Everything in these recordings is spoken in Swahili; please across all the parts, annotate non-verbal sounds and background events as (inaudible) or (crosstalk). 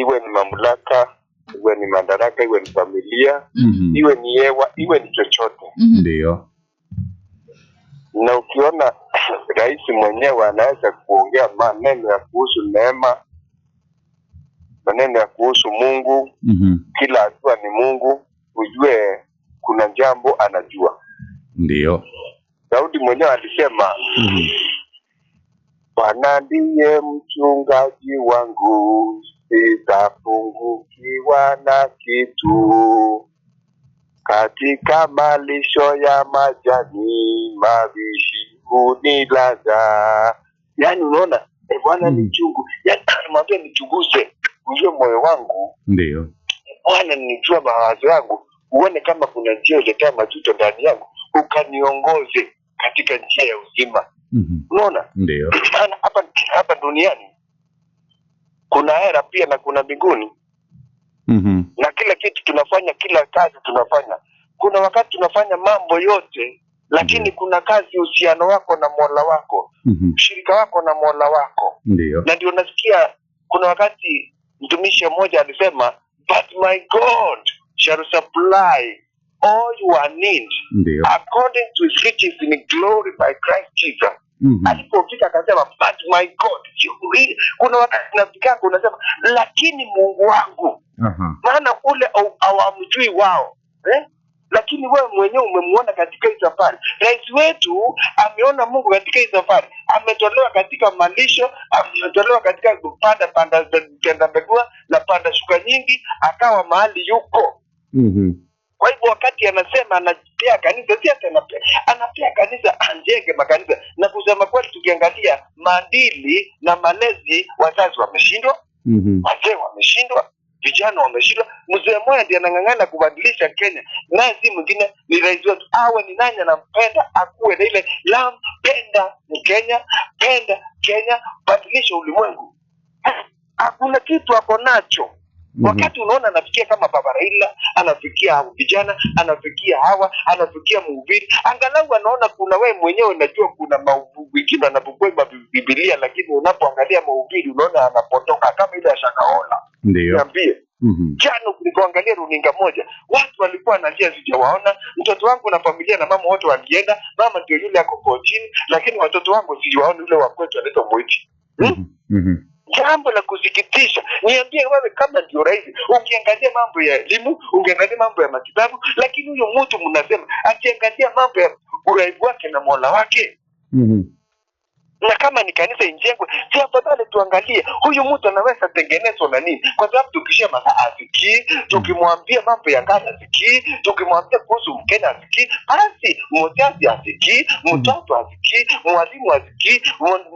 iwe ni mamlaka, iwe ni madaraka, iwe ni familia mm -hmm. iwe ni hewa, iwe ni chochote mhm. ndio. mm -hmm. na ukiona (clears throat) rais mwenyewe anaweza kuongea maneno ya kuhusu neema, maneno ya kuhusu Mungu mm -hmm. kila hatua ni Mungu, ujue kuna jambo anajua. Ndio Daudi mwenyewe alisema mm -hmm. Bwana ndiye mchungaji wangu sitapungukiwa na kitu katika malisho ya majani mabishi hunilaza. Yani unaona e, Bwana mm. ni hmm. chungu, yani (clears throat) mwambie nichunguze, ujue moyo wangu, ndio Bwana nijua mawazo yangu, uone kama kuna njia uletea majuto ndani yangu, ukaniongoze katika njia ya uzima. mm -hmm. Unaona, ndio (clears throat) hapa hapa duniani kuna hera pia na kuna mbinguni mm -hmm. na kila kitu tunafanya, kila kazi tunafanya, kuna wakati tunafanya mambo yote lakini mm -hmm. kuna kazi uhusiano wako na Mola wako mm -hmm. ushirika wako na Mola wako Ndiyo. na ndio nasikia kuna wakati mtumishi mmoja alisema but my God shall supply all your need Ndiyo. according to his riches in glory by Christ Jesus mm -hmm. Alipofika akasema but my God, kuna wakati nafikanga unasema lakini Mungu wangu uh -huh. Maana ule awamjui wao eh? Lakini wewe mwenyewe umemwona katika hii safari. Rais wetu ameona Mungu katika hii safari, ametolewa katika malisho, ametolewa katika panda panda tenda na panda shuka nyingi, akawa mahali yuko mm -hmm. Kwa hivyo wakati anasema anapea kanisa, si hata anapea, anapea kanisa anjenge makanisa. Na kusema kweli, tukiangalia maadili na malezi, wazazi wameshindwa, mm -hmm. wazee wameshindwa, vijana wameshindwa. Mzee mmoja ndiye anang'ang'ana kubadilisha Kenya, naye si mwingine, ni rais wetu. Awe ni nani anampenda, akuwe na ile lam, penda Mkenya, penda Kenya, badilisha ulimwengu. Hakuna kitu ako nacho. Mm -hmm. Wakati unaona anafikia kama Baba Raila, anafikia vijana, anafikia hawa, anafikia mhubiri, angalau anaona kuna wewe mwenyewe. Najua kuna maudhui anapokwema Biblia, lakini unapoangalia maubiri unaona anapotoka kama ile ashakaola. Ndio niambie mhm. jana mm nilikoangalia runinga moja, watu walikuwa na njia sijawaona. Mtoto wangu na familia na mama wote walienda, mama ndio yule ako kochini, lakini watoto wangu sijawaona. Yule wa kwetu anaitwa Mwiti hmm? mm -hmm jambo la kusikitisha. Niambie wewe, kama ndio rais, ukiangalia mambo ya elimu, ungeangalia mambo ya matibabu, lakini huyo mtu mnasema akiangalia mambo ya uraibu wake na mola wake mm -hmm na kama ni kanisa injengwe, si afadhali tuangalie huyu mtu anaweza tengenezwa na nini? Kwa sababu tukishia masaa asikii, tukimwambia mambo ya kazi asikii, tukimwambia kuhusu mkenya asikii, basi mzazi asikii, mtoto asikii, mwalimu asikii,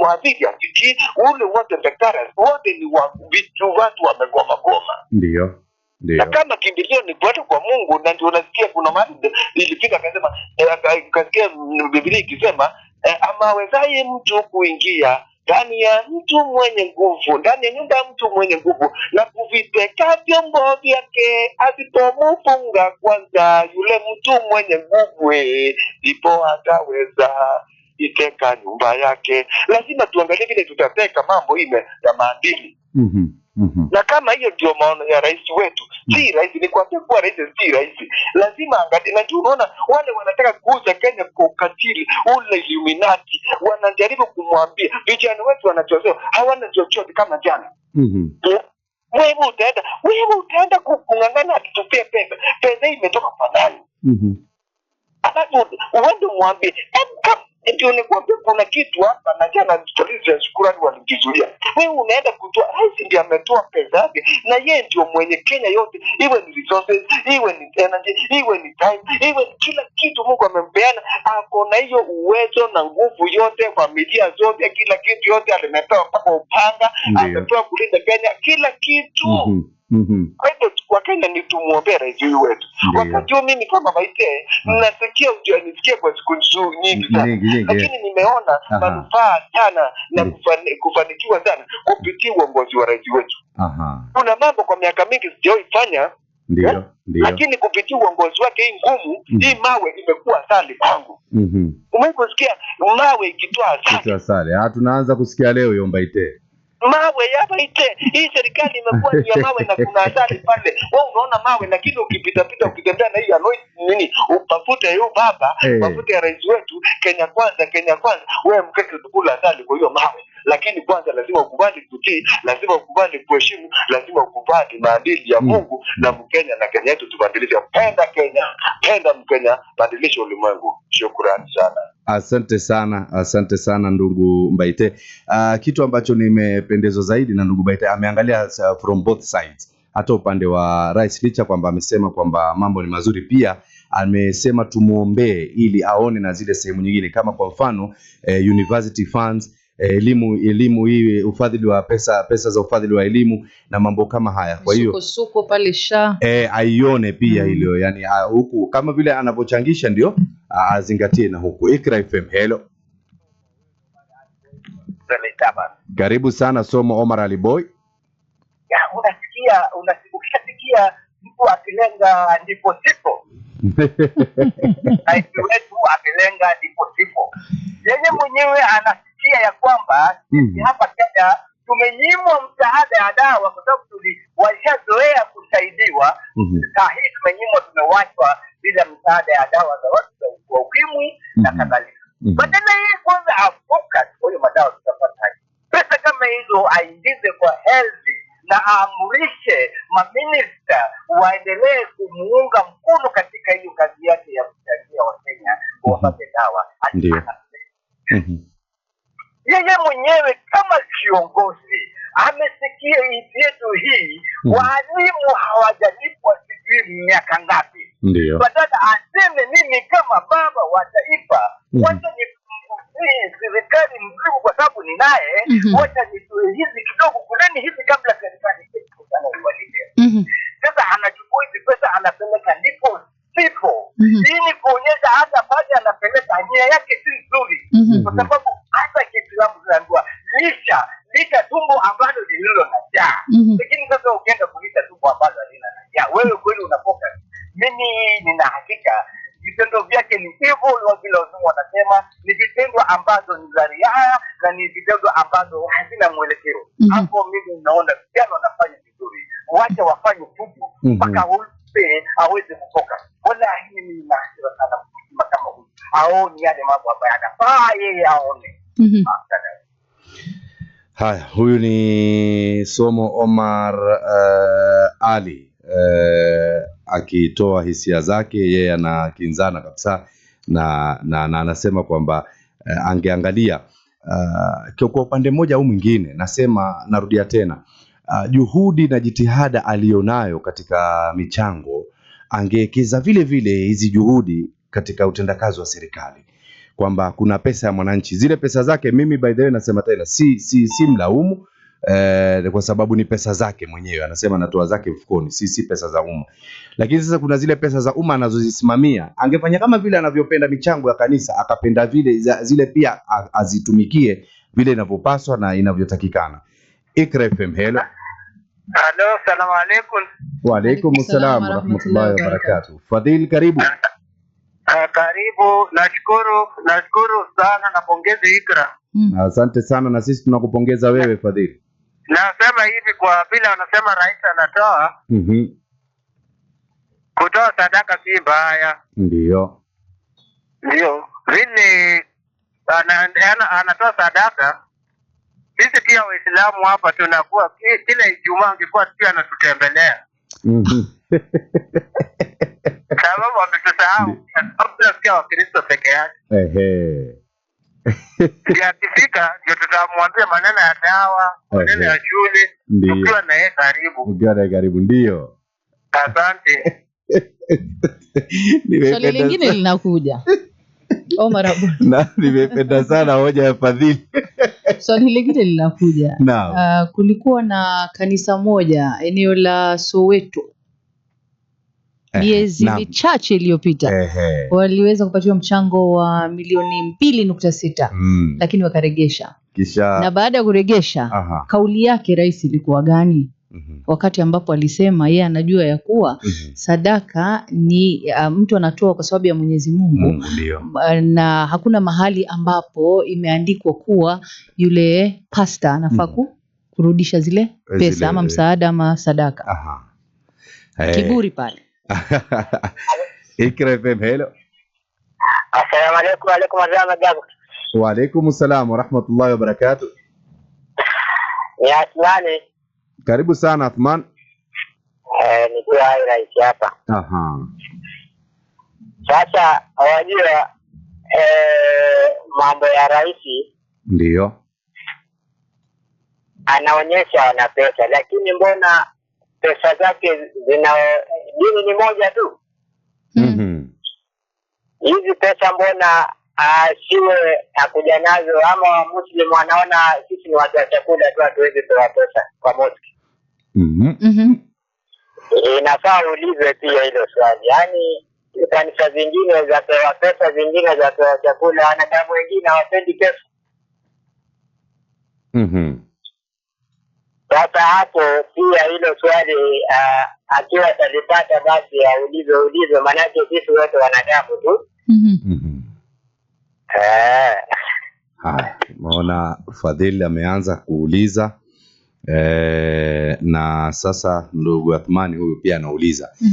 mwadhiri asikii, ule wote daktari wote ni watu wamegoma goma, ndio Deo. Na kama kimbilio ni kuenda kwa Mungu, na ndio unasikia kuna mahali ilifika akasema, eh, kasikia bibilia ikisema eh, amawezaye mtu kuingia ndani ya mtu mwenye nguvu, ndani ya nyumba ya mtu mwenye nguvu, na kuviteka vyombo vyake, asipomufunga kwanza yule mtu mwenye nguvu, eh, ndipo ataweza teka nyumba yake. Lazima tuangalie vile tutateka mambo hii ya maadili mm -hmm. Mm -hmm. Na kama hiyo ndio maono ya rais wetu, mhm. si mm -hmm. rais ni kuambia kuwa rais si rais, lazima angalie. Na ndio unaona wale wanataka kuuza Kenya kwa ukatili ule Illuminati, wanajaribu kumwambia vijana wetu wanachochewa, hawana chochote kama jana mm -hmm. Wewe utaenda wewe utaenda kung'ang'ana akitupia pesa, pesa imetoka kwa nani? mm -hmm. Alafu uende mwambie eti unikuambia kuna kitu hapa na jana historia ya shukurani walikizuia. Wewe unaenda kutoa, rais ndiye ametoa pesa yake, na yeye ndio mwenye Kenya yote, iwe ni resources, iwe ni energy, iwe ni time, iwe ni kila kitu Mungu amempeana. Ako na hiyo uwezo na nguvu yote, familia zote, kila kitu yote, alimepewa mpaka upanga, amepewa kulinda Kenya, kila kitu mm -hmm. Mm-hmm. Kwa hivyo Wakenya ni tumwombee rais huyu wetu, wakajua mimi kama Maite ah. nasikia ujanisikia kwa siku nyingi sana, lakini nimeona manufaa sana na kufanikiwa sana kupitia uongozi wa rais wetu. Kuna mambo kwa miaka mingi sijawahi eh? Lakini kupitia uongozi wake hii ngumu mm. hii mawe imekuwa asali kwangu. mm -hmm. mawe ikitoa asali, ah, tunaanza kusikia leo yombaite mawe hapa ite hii serikali imekuwa ni ya mawe na kuna hatari pale. Wewe unaona mawe, lakini ukipita pita ukitembea na hii anoi nini, utafute huyu baba hey, eh. ya rais wetu Kenya kwanza, Kenya kwanza, wewe mkeke tukula hatari kwa hiyo mawe lakini kwanza lazima ukubali kutii, lazima ukubali kuheshimu, lazima ukubali maadili ya mm. Mungu na Mkenya na Kenya yetu tubadilishe. Penda Kenya, penda Mkenya, badilisha ulimwengu. Shukrani sana. Asante sana, asante sana ndugu Mbaite. Uh, kitu ambacho nimependezwa zaidi na ndugu Mbaite ameangalia uh, from both sides, hata upande wa rais, licha kwamba amesema kwamba mambo ni mazuri, pia amesema tumwombee ili aone na zile sehemu nyingine, kama kwa mfano eh, university funds Eh, elimu elimu hii ufadhili wa pesa pesa za ufadhili wa elimu na mambo kama haya. Kwa hiyo suko pale sha eh, aione pia mm. hilo mm. Yani a, ah, huku kama vile anavyochangisha ndio ah, azingatie na huku. Ikra FM, hello, karibu sana somo. Omar Ali Boy, unasikia unasikia ukishasikia mtu akilenga ndipo sipo (laughs) rais wetu akilenga ndipo sipo, yeye mwenyewe ana sheria ya kwamba mm. sisi hapa Kenya tumenyimwa msaada ya dawa kwa sababu tuliwashazoea kusaidiwa. Mm-hmm. Saa hii tumenyimwa, tumewachwa bila msaada ya dawa za watu wa ukimwi na mm-hmm. kadhalika. Badala mm-hmm. yeye kwanza afocus huyo madawa tutapataje? Pesa kama hizo aingize kwa health na aamurishe maminista waendelee kumuunga mkono katika hiyo kazi yake ya kuchangia Wakenya wapate dawa. Ndio. amesikia nchi yetu hii mm. waalimu hawajalipwa sijui miaka ngapi, ndio badala aseme mimi kama baba wa taifa mm. wacha serikali mzigo kwa sababu ninaye mm -hmm. wacha nitoe hizi kidogo, kuleni hizi kabla serikali sana iwalipe. Hmm. Sasa anachukua hizi pesa anapeleka ndipo sipo. Hmm. Hii ni kuonyesha hata pale anapeleka nia yake si nzuri, hmm. kwa sababu na ni vidogo ambazo hazina mwelekeo mhm. hapo. mm -hmm. Mimi naona vijana wanafanya vizuri, wacha wafanye tupu mhm. mpaka mm mzee aweze kutoka. Wallahi mimi nina hasira sana mkulima kama huyu, aoni yale mambo ambayo anafaa yeye aone. Mhm. Haya, huyu ni Somo Omar uh, Ali uh, akitoa hisia zake yeye, anakinzana kabisa na na anasema na, kwamba uh, angeangalia uh, kwa upande mmoja au mwingine, nasema narudia tena uh, juhudi na jitihada aliyonayo katika michango angewekeza vile vile hizi juhudi katika utendakazi wa serikali, kwamba kuna pesa ya mwananchi, zile pesa zake. Mimi by the way nasema tena, si, si, si mlaumu eh, kwa sababu ni pesa zake mwenyewe, anasema anatoa zake mfukoni, si si pesa za umma. Lakini sasa kuna zile pesa za umma anazozisimamia, angefanya kama vile anavyopenda michango ya kanisa, akapenda vile zile pia azitumikie vile inavyopaswa na inavyotakikana. Ikra FM, hello. Halo, salamu alaykum. Wa alaykum salaam rahmatullahi wa barakatuh. Fadhil, karibu. Ah, karibu. Nashukuru, nashukuru sana, napongeze Ikra. Asante sana na sisi tunakupongeza wewe Fadhili. Nasema hivi kwa vile wanasema rais anatoa mm -hmm. kutoa sadaka si mbaya, ndio ndio vile ana, ana, anatoa sadaka. Sisi pia Waislamu hapa tunakuwa kila Ijumaa angekuwa pia anatutembelea mm sababu wametusahau, tunasikia Wakristo peke yake akifika ndio tutamwambia maneno ya dawa, maneno ya shule, tukiwa na yeye karibu, ukiwa naye karibu. Ndio, asante. (laughs) Swali lingine linakuja Omar (laughs) Na nimependa sana hoja ya Fadhili. (laughs) Swali lingine linakuja. Uh, kulikuwa na kanisa moja eneo la Soweto Eh, miezi eh, michache iliyopita eh, waliweza kupatiwa mchango wa milioni mbili nukta sita mm, lakini wakaregesha kisha, na baada ya kuregesha aha, kauli yake rais ilikuwa gani? Mm-hmm. Wakati ambapo alisema yeye anajua ya kuwa mm-hmm. sadaka ni uh, mtu anatoa kwa sababu ya Mwenyezi Mungu, mm, na hakuna mahali ambapo imeandikwa kuwa yule pasta anafaa mm-hmm. kurudisha zile eh, pesa zile, ama eh. msaada ama sadaka. Aha. Hey. Kiburi pale (laughs) Ikra FM, hello. Assalamu alaikum. Waalaikum assalam. Waalaikum assalam warahmatullahi wabarakatuh. Ni Athmani. Karibu sana Athman. Eh, nikiwa raisi hapa. Aha. Sasa wajua eh, mambo ya raisi ndiyo anaonyesha wana pesa, lakini mbona pesa zake zina dini ni moja tu mhm. hizi mm -hmm. pesa mbona asiwe ah, akuja nazo, ama muslim anaona sisi ni watu wa chakula tu, hatuwezi toa pesa kwa moski mm -hmm. E, inafaa ulize pia hilo swali, yaani kanisa zingine zapewa pesa, zingine zapewa chakula. Wanadamu wengine hawapendi pesa mm -hmm. Sasa hapo pia hilo swali uh, akiwa atalipata basi aulizwe ulizwe, maanake sisi wote wanadamu tu. mm Fadhili ameanza kuuliza e, na sasa ndugu Athmani huyu pia anauliza. mm